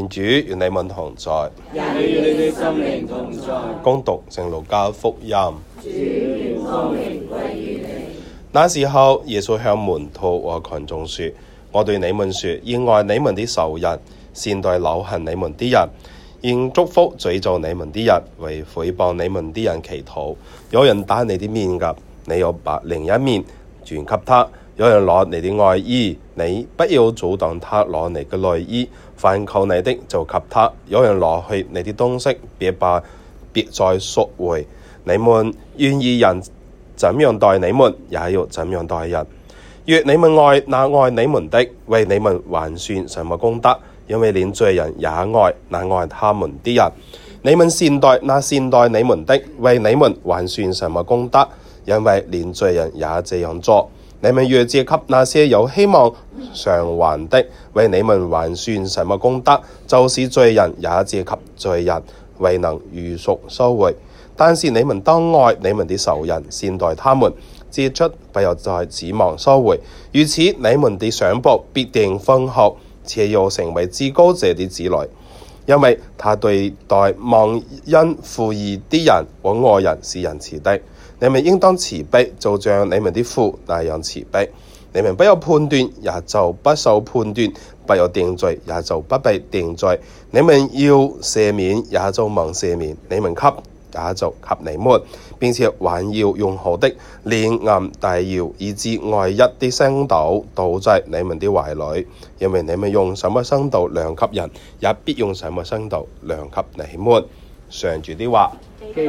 願主與你們同在，願你與你的心靈同在。恭讀聖路加福音。主的光明歸於你。那時候，耶穌向門徒和群眾說：我對你們說，要愛你們的仇人，善待惱恨你們的人，應祝福詛咒你們的人，為毀謗你們的人祈禱。有人打你的面頰，你要把另一面轉給他；有人攞你的外衣，你不要阻擋他攞你嘅內衣。凡求你的就給他，有人拿去你的東西，別把別再贖回。你們願意人怎樣待你們，也要怎樣待人。若你們愛那愛你們的，為你們還算什麼功德？因為連罪人也愛那愛他們的人。你們善待那善待你們的，為你們還算什麼功德？因為連罪人也這樣做。你們若借給那些有希望償還的，為你們還算什麼功德？就是罪人也借給罪人，未能如數收回。但是你們當愛你們的仇人，善待他們，借出不要再指望收回。如此你們的賞報必定豐厚，且要成為至高者的子女，因為他對待忘恩負義的人和外人是仁慈的。你們應當慈悲，就像你們的父那樣慈悲。你們不要判斷，也就不受判斷；不要定罪，也就不被定罪。你們要赦免，也就蒙赦免；你們給，也就給你們，並且還要用好的連按帶搖，以致外溢的升斗倒在你們的懷裏，因為你們用什麼升斗量給人，也必用什麼升斗量給你們。上主的話。今日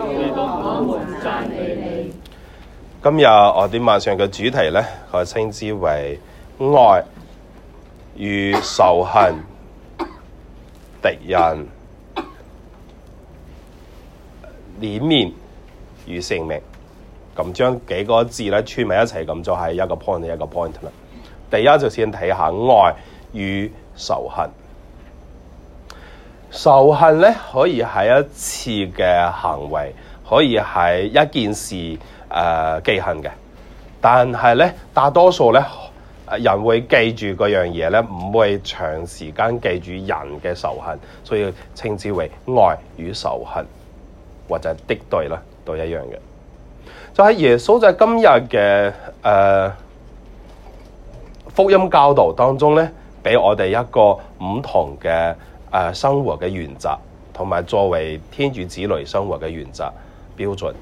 我哋晚上嘅主題呢，我稱之為愛與仇恨、敵人、臉面與性命。咁將幾個字呢串埋一齊，咁就係一個 point 一個 point 啦。第一就先睇下愛與仇恨。仇恨咧可以係一次嘅行為，可以係一件事誒記、呃、恨嘅，但係咧大多數咧人會記住嗰樣嘢咧，唔會長時間記住人嘅仇恨，所以稱之為愛與仇恨或者敵對啦，都一樣嘅。就係耶穌在今日嘅誒福音教導當中咧，俾我哋一個唔同嘅。啊、生活嘅原則同埋作為天主子女生活嘅原則標準，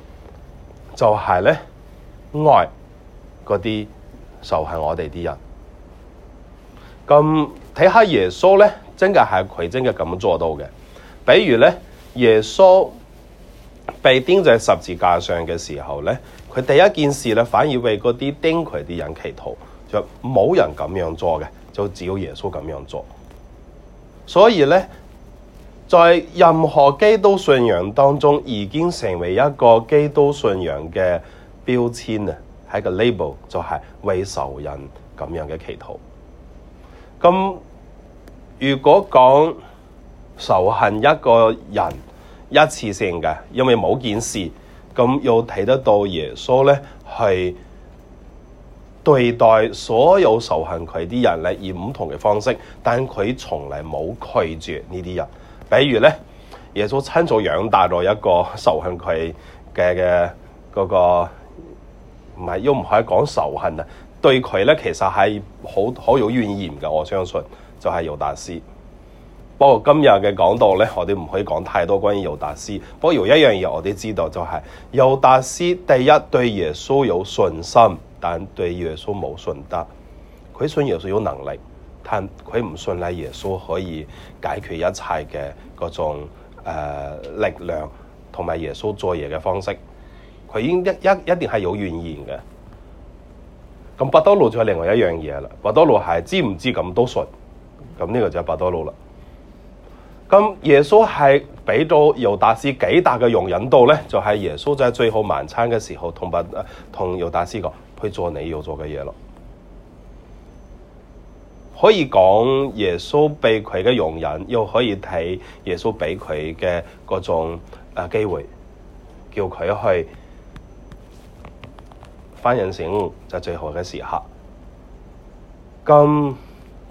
就係、是、呢愛嗰啲仇恨我哋啲人。咁睇下耶穌呢，真嘅係佢真嘅咁做到嘅。比如呢，耶穌被釘在十字架上嘅時候呢，佢第一件事呢，反而為嗰啲釘佢啲人祈禱，就冇人咁樣做嘅，就只有耶穌咁樣做。所以呢，在任何基督信仰當中，已經成為一個基督信仰嘅標籤啊，係一個 label，就係為仇人咁樣嘅祈禱。咁如果講仇恨一個人一次性嘅，因為某件事咁，要睇得到耶穌呢係。對待所有仇恨佢啲人咧，以唔同嘅方式，但佢從來冇拒絕呢啲人。比如咧，耶穌親手養大咗一個仇恨佢嘅嘅嗰個，唔係又唔可以講仇恨啊！對佢咧，其實係好好有怨言㗎。我相信就係猶達斯。不過今日嘅講道咧，我哋唔可以講太多關於猶達斯。不過有一樣嘢我哋知道，就係猶達斯第一對耶穌有信心。但對耶穌冇信德，佢信耶穌有能力，但佢唔信咧，耶穌可以解決一切嘅嗰種誒、呃、力量，同埋耶穌做嘢嘅方式，佢應一一一,一定係有怨言嘅。咁伯多祿就係另外一樣嘢啦，伯多祿係知唔知咁多信？咁呢個就係伯多祿啦。咁耶穌係畀到猶大士幾大嘅容忍度呢？就係、是、耶穌在最後晚餐嘅時候，同埋同猶大士講去做你要做嘅嘢咯。可以講耶穌俾佢嘅容忍，又可以睇耶穌畀佢嘅嗰種誒機會，叫佢去翻人醒就係最好嘅時刻。咁、嗯。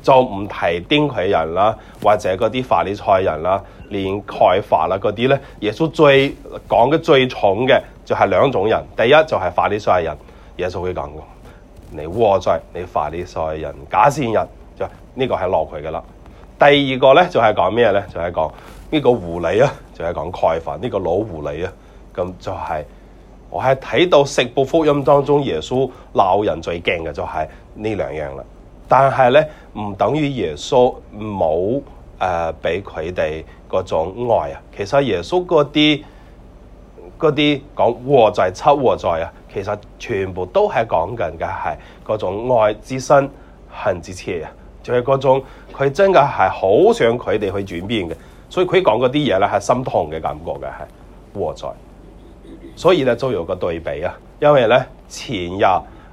就唔提釘佢人啦，或者嗰啲法利賽人啦，連蓋法啦嗰啲咧，耶穌最講嘅最重嘅就係兩種人，第一就係法利賽人，耶穌佢講過，你禍哉你法利賽人，假善人就呢、是這個係落佢嘅啦。第二個咧就係講咩咧？就係、是、講呢、就是講這個狐狸啊，就係、是、講蓋法呢、這個老狐狸啊。咁就係、是、我喺睇到《四部福音》當中，耶穌鬧人最驚嘅就係呢兩樣啦。但係咧，唔等於耶穌冇誒俾佢哋嗰種愛啊！其實耶穌嗰啲啲講和在，七和在啊，其實全部都係講緊嘅係嗰種愛之深、恨之切啊！就係、是、嗰種佢真嘅係好想佢哋去轉變嘅，所以佢講嗰啲嘢咧係心痛嘅感覺嘅係和在。所以咧就有個對比啊，因為咧前日。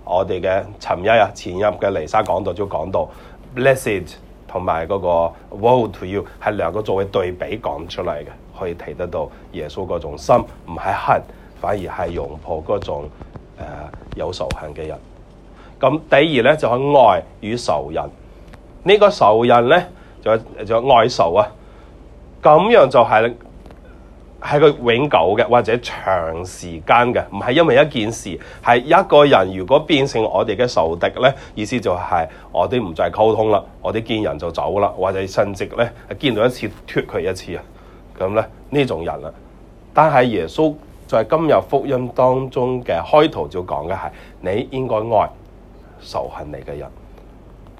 我哋嘅尋日啊，前日嘅彌撒講到就講到 blessed 同埋嗰、那個 woe to you 係兩個作為對比講出嚟嘅，可以睇得到耶穌嗰種心唔係恨，反而係擁抱嗰種、呃、有仇恨嘅人。咁第二咧就係愛與仇、這個、仇人呢個仇人咧就就愛仇啊，咁樣就係、是。係佢永久嘅，或者長時間嘅，唔係因為一件事。係一個人如果變成我哋嘅仇敵呢，意思就係我哋唔再溝通啦，我哋見人就走啦，或者甚至呢，見到一次脱佢一次啊。咁呢呢種人啦，但係耶穌在今日福音當中嘅開頭就講嘅係，你應該愛仇恨你嘅人。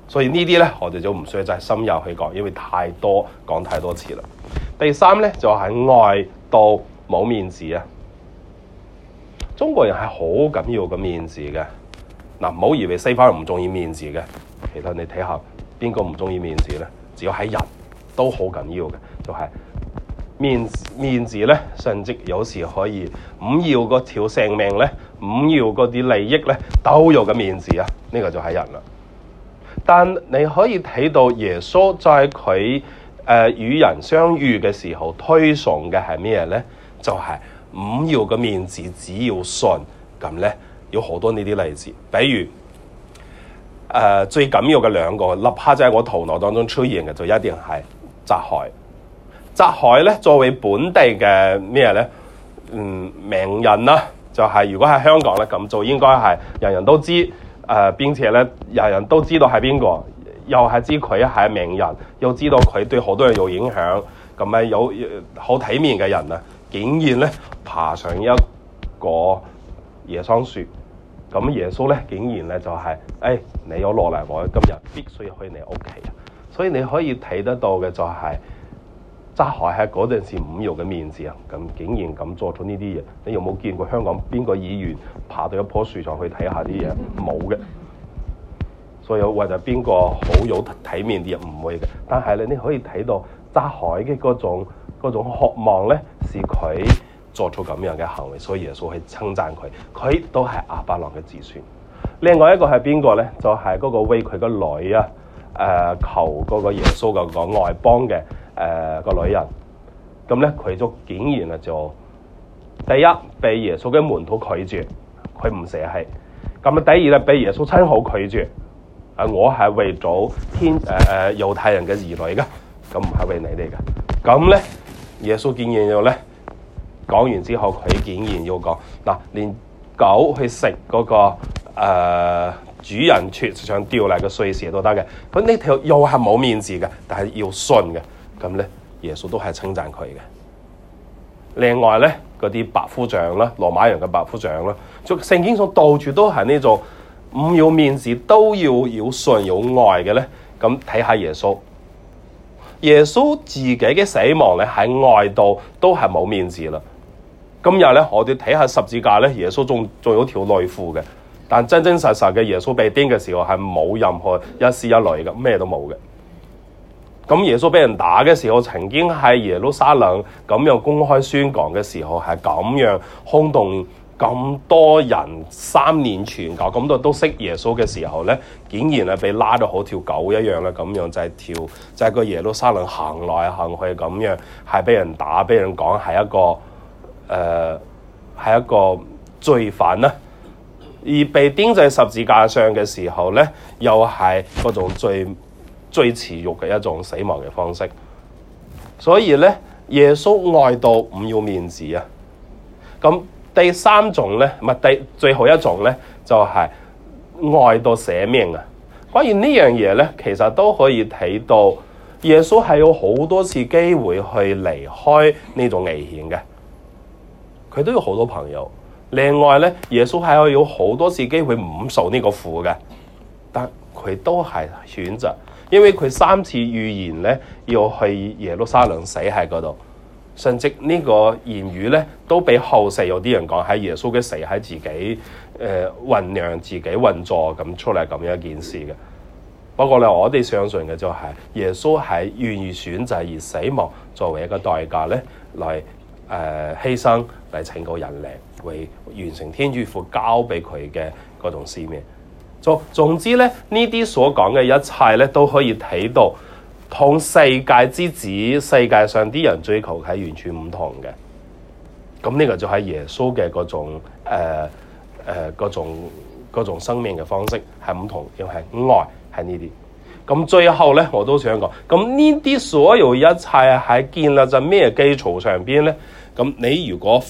所以呢啲呢，我哋就唔需要再深入去講，因為太多講太多次啦。第三咧就係愛到冇面子啊！中國人係好緊要個面子嘅，嗱，唔好以為西方人唔中意面子嘅，其實你睇下邊個唔中意面子咧？只要係人都好緊要嘅，就係面、面子咧，甚至有時可以唔要嗰條性命咧，唔要嗰啲利益咧，都有個面子啊！呢個就係人啦。但你可以睇到耶穌在佢，誒、呃、與人相遇嘅時候，推崇嘅係咩咧？就係、是、唔要個面子，只要信。咁咧有好多呢啲例子，比如誒、呃、最緊要嘅兩個，立刻就喺我頭腦當中出現嘅，就一定係澤海。澤海咧作為本地嘅咩咧？嗯，名人啦、啊，就係、是、如果喺香港咧，咁就應該係人人都知。誒並且咧，人人都知道係邊個。呃又係知佢係名人，又知道佢對好多人有影響，咁咪有好體面嘅人啊！竟然咧爬上一個野桑樹，咁耶穌咧竟然咧就係、是，誒、哎，你有落嚟，我今日必須去你屋企啊！所以你可以睇得到嘅就係、是，揸海喺嗰陣時唔要嘅面子啊！咁竟然咁做咗呢啲嘢，你有冇見過香港邊個議員爬到一棵樹上去睇下啲嘢？冇嘅。所以或者邊個好有體面啲唔會嘅，但係你可以睇到匝凱嘅嗰種嗰種渴望咧，是佢作出咁樣嘅行為，所以耶穌係稱讚佢。佢都係亞巴郎嘅子孫。另外一個係邊個咧？就係、是、嗰個為佢個女啊，誒、呃、求嗰個耶穌嘅個外邦嘅誒個女人。咁咧佢就竟然啊，就第一被耶穌嘅門徒拒絕，佢唔捨棄。咁啊，第二咧被耶穌親口拒絕。啊！我係為咗天誒誒、呃、猶太人嘅兒女噶，咁唔係為你哋噶。咁咧，耶穌竟然又咧講完之後，佢竟然要講嗱，連狗去食嗰、那個、呃、主人桌上掉嚟嘅碎屑都得嘅。咁呢條又係冇面子嘅，但係要信嘅。咁咧，耶穌都係稱讚佢嘅。另外咧，嗰啲百夫長啦，羅馬人嘅百夫長啦，就聖經上到處都係呢種。唔要面子都要要信有愛嘅咧，咁睇下耶穌。耶穌自己嘅死亡咧喺外度都係冇面子啦。今日咧我哋睇下十字架咧，耶穌仲仲有條內褲嘅，但真真實實嘅耶穌被釘嘅時候係冇任何一絲一縷嘅，咩都冇嘅。咁耶穌俾人打嘅時候，曾經喺耶路撒冷咁樣公開宣講嘅時候係咁樣轟動。咁多人三年全教，咁多都識耶穌嘅時候咧，竟然係被拉到好似條狗一樣啦。咁樣就係、是、跳，就係、是、個耶路撒冷行來行去咁樣，係俾人打，俾人講係一個誒係、呃、一個罪犯啦。而被釘在十字架上嘅時候咧，又係嗰種最最恥辱嘅一種死亡嘅方式。所以咧，耶穌愛到唔要面子啊！咁。第三種咧，唔係第最後一種咧，就係、是、愛到捨命啊！關於呢樣嘢咧，其實都可以睇到耶穌係有好多次機會去離開呢種危險嘅，佢都有好多朋友。另外咧，耶穌係有好多次機會唔受呢個苦嘅，但佢都係選擇，因為佢三次預言咧要去耶路撒冷死喺嗰度。甚至呢個言語咧，都俾後世有啲人講喺耶穌嘅死喺自己，誒醖釀自己運作咁出嚟，咁樣一件事嘅。不過咧，我哋相信嘅就係耶穌係願意選擇而死亡作為一個代價咧，嚟誒犧牲嚟拯救人類，為完成天主父交俾佢嘅嗰種使命。總總之咧，呢啲所講嘅一切咧，都可以睇到。向世界之子，世界上啲人追求係完全唔同嘅。咁呢個就係耶穌嘅嗰種誒誒，呃呃、嗰種嗰種生命嘅方式係唔同，因為愛係呢啲。咁最後咧，我都想講，咁呢啲所有一切喺建立在咩基礎上邊咧？咁你如果，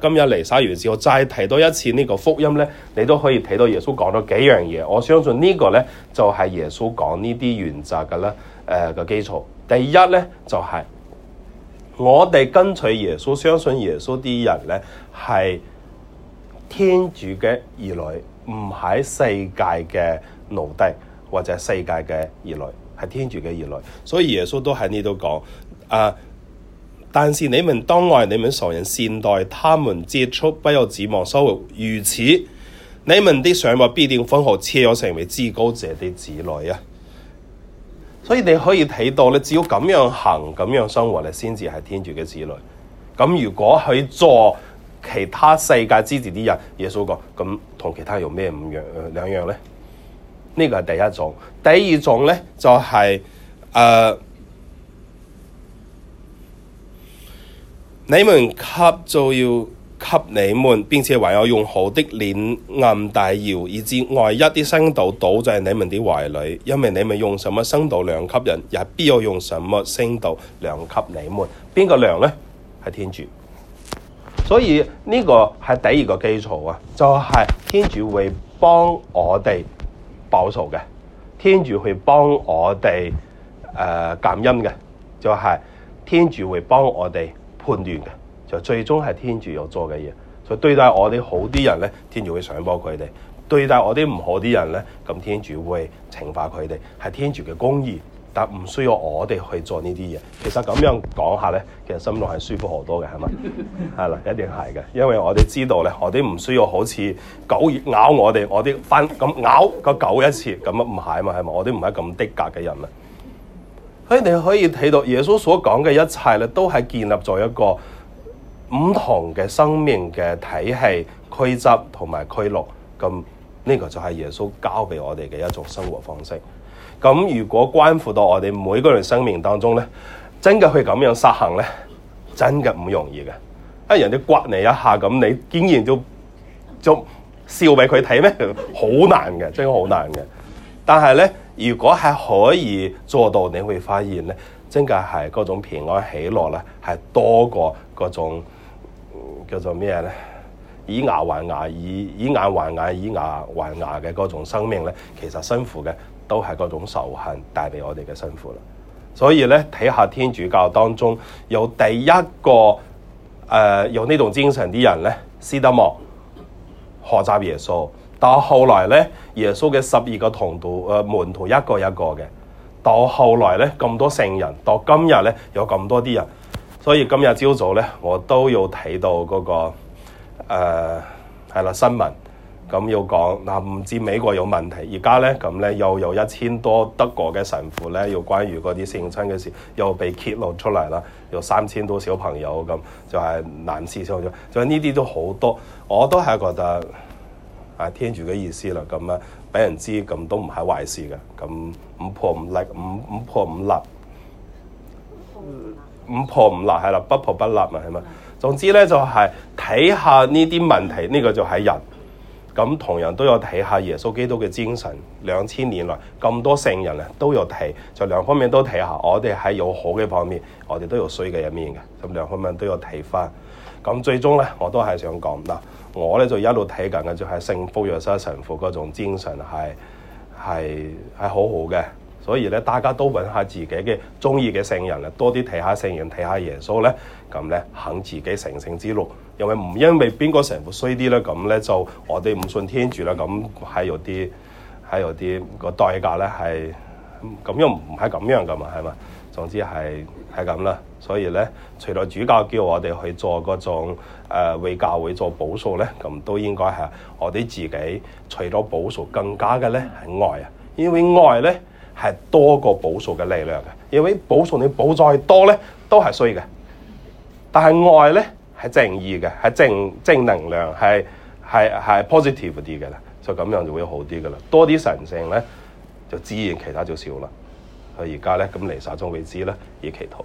今日彌撒完之後，我再提多一次呢個福音咧，你都可以睇到耶穌講咗幾樣嘢。我相信呢個咧就係耶穌講呢啲原則嘅咧誒嘅基礎。第一咧就係、是、我哋跟隨耶穌、相信耶穌啲人咧係天主嘅兒女，唔係世界嘅奴隸或者世界嘅兒女，係天主嘅兒女。所以耶穌都喺呢度講啊。但是你們當愛你們仇人，善待他們，接觸，不要指望收回，如此你們的賞報必定豐厚，賜咗成為至高者的子女啊！所以你可以睇到你只要咁樣行，咁樣生活你先至係天主嘅子女。咁如果去做其他世界之子啲人，耶穌講咁同其他有咩唔樣兩、呃、樣呢？呢、這個係第一種，第二種呢，就係、是、誒。呃你們給就要給你們，並且還要用好的連按帶搖，以至外溢啲升斗倒在你們的懷裏，因為你們用什麼升斗量給人，也必要用什麼升斗量給你們。邊個量呢？係天主。所以呢、這個係第二個基礎啊，就係、是、天主會幫我哋報仇嘅，天主會幫我哋誒減恩嘅，就係、是、天主會幫我哋。判斷嘅，就最終係天主要做嘅嘢。所以對待我哋好啲人咧，天主會上幫佢哋，對待我哋唔好啲人咧，咁天主會懲罰佢哋。係天主嘅公義，但唔需要我哋去做呢啲嘢。其實咁樣講下咧，其實心度係舒服好多嘅，係咪？係啦， 一定係嘅，因為我哋知道咧，我哋唔需要好似狗咬我哋，我啲翻咁咬個狗一次，咁唔係啊嘛，係嘛？我哋唔係咁的格嘅人啊。所以你可以睇到耶穌所講嘅一切咧，都係建立咗一個唔同嘅生命嘅體系、規則同埋規律。咁呢個就係耶穌教俾我哋嘅一種生活方式。咁如果關乎到我哋每個人生命當中咧，真嘅去咁樣實行咧，真嘅唔容易嘅。啊人哋摑你一下咁，你竟然都就，就笑俾佢睇咩？好難嘅，真係好難嘅。但係咧。如果係可以做到，你會發現咧，真係係嗰種平安喜樂咧，係多過嗰種叫做咩咧？以牙還牙，以以眼還眼，以牙還牙嘅嗰種生命咧，其實辛苦嘅都係嗰種仇恨帶畀我哋嘅辛苦啦。所以咧，睇下天主教當中有第一個誒、呃、有呢種精神啲人咧，斯德莫學習耶穌。到後來咧，耶穌嘅十二個同道，誒、呃、門徒一個一個嘅。到後來咧，咁多聖人，到今日咧有咁多啲人。所以今日朝早咧，我都要睇到嗰、那個誒係啦、呃、新聞，咁要講，嗱、啊、唔知美國有問題，而家咧咁咧又有一千多德國嘅神父咧，要關於嗰啲聖親嘅事又被揭露出嚟啦，有三千多小朋友咁就係難事上上，所以呢啲都好多，我都係覺得。啊，聽住嘅意思啦，咁啊俾人知，咁都唔係壞事嘅。咁五破五立，五五破五立，五破五立係啦，不破不立嘛，係嘛。嗯、總之咧就係睇下呢啲問題，呢、這個就係人。咁同樣都有睇下耶穌基督嘅精神。兩千年來咁多聖人啊，都有睇，就兩方面都睇下。我哋喺有好嘅方面，我哋都有衰嘅一面嘅，咁兩方面都有睇翻。咁最終咧，我都係想講嗱，我咧就一路睇緊嘅就係聖福若瑟神父嗰種精神係係係好好嘅，所以咧大家都揾下自己嘅中意嘅聖人啊，多啲睇下聖人，睇下耶穌咧，咁咧肯自己成聖之路，又為唔因為邊個神父衰啲咧，咁咧就我哋唔信天主啦，咁係有啲係有啲個代價咧係咁又唔係咁樣噶嘛，係嘛？總之係係咁啦。所以咧，除咗主教叫我哋去做嗰種誒、呃、為教會做補數咧，咁都應該係我哋自己除咗補數更加嘅咧係愛啊，因為愛咧係多過補數嘅力量嘅，因為補數你補再多咧都係衰嘅，但係愛咧係正義嘅，係正正能量，係係係 positive 啲嘅啦，就咁樣就會好啲噶啦。多啲神聖咧就自然其他就少啦。佢而家咧咁嚟神中未知咧以祈禱。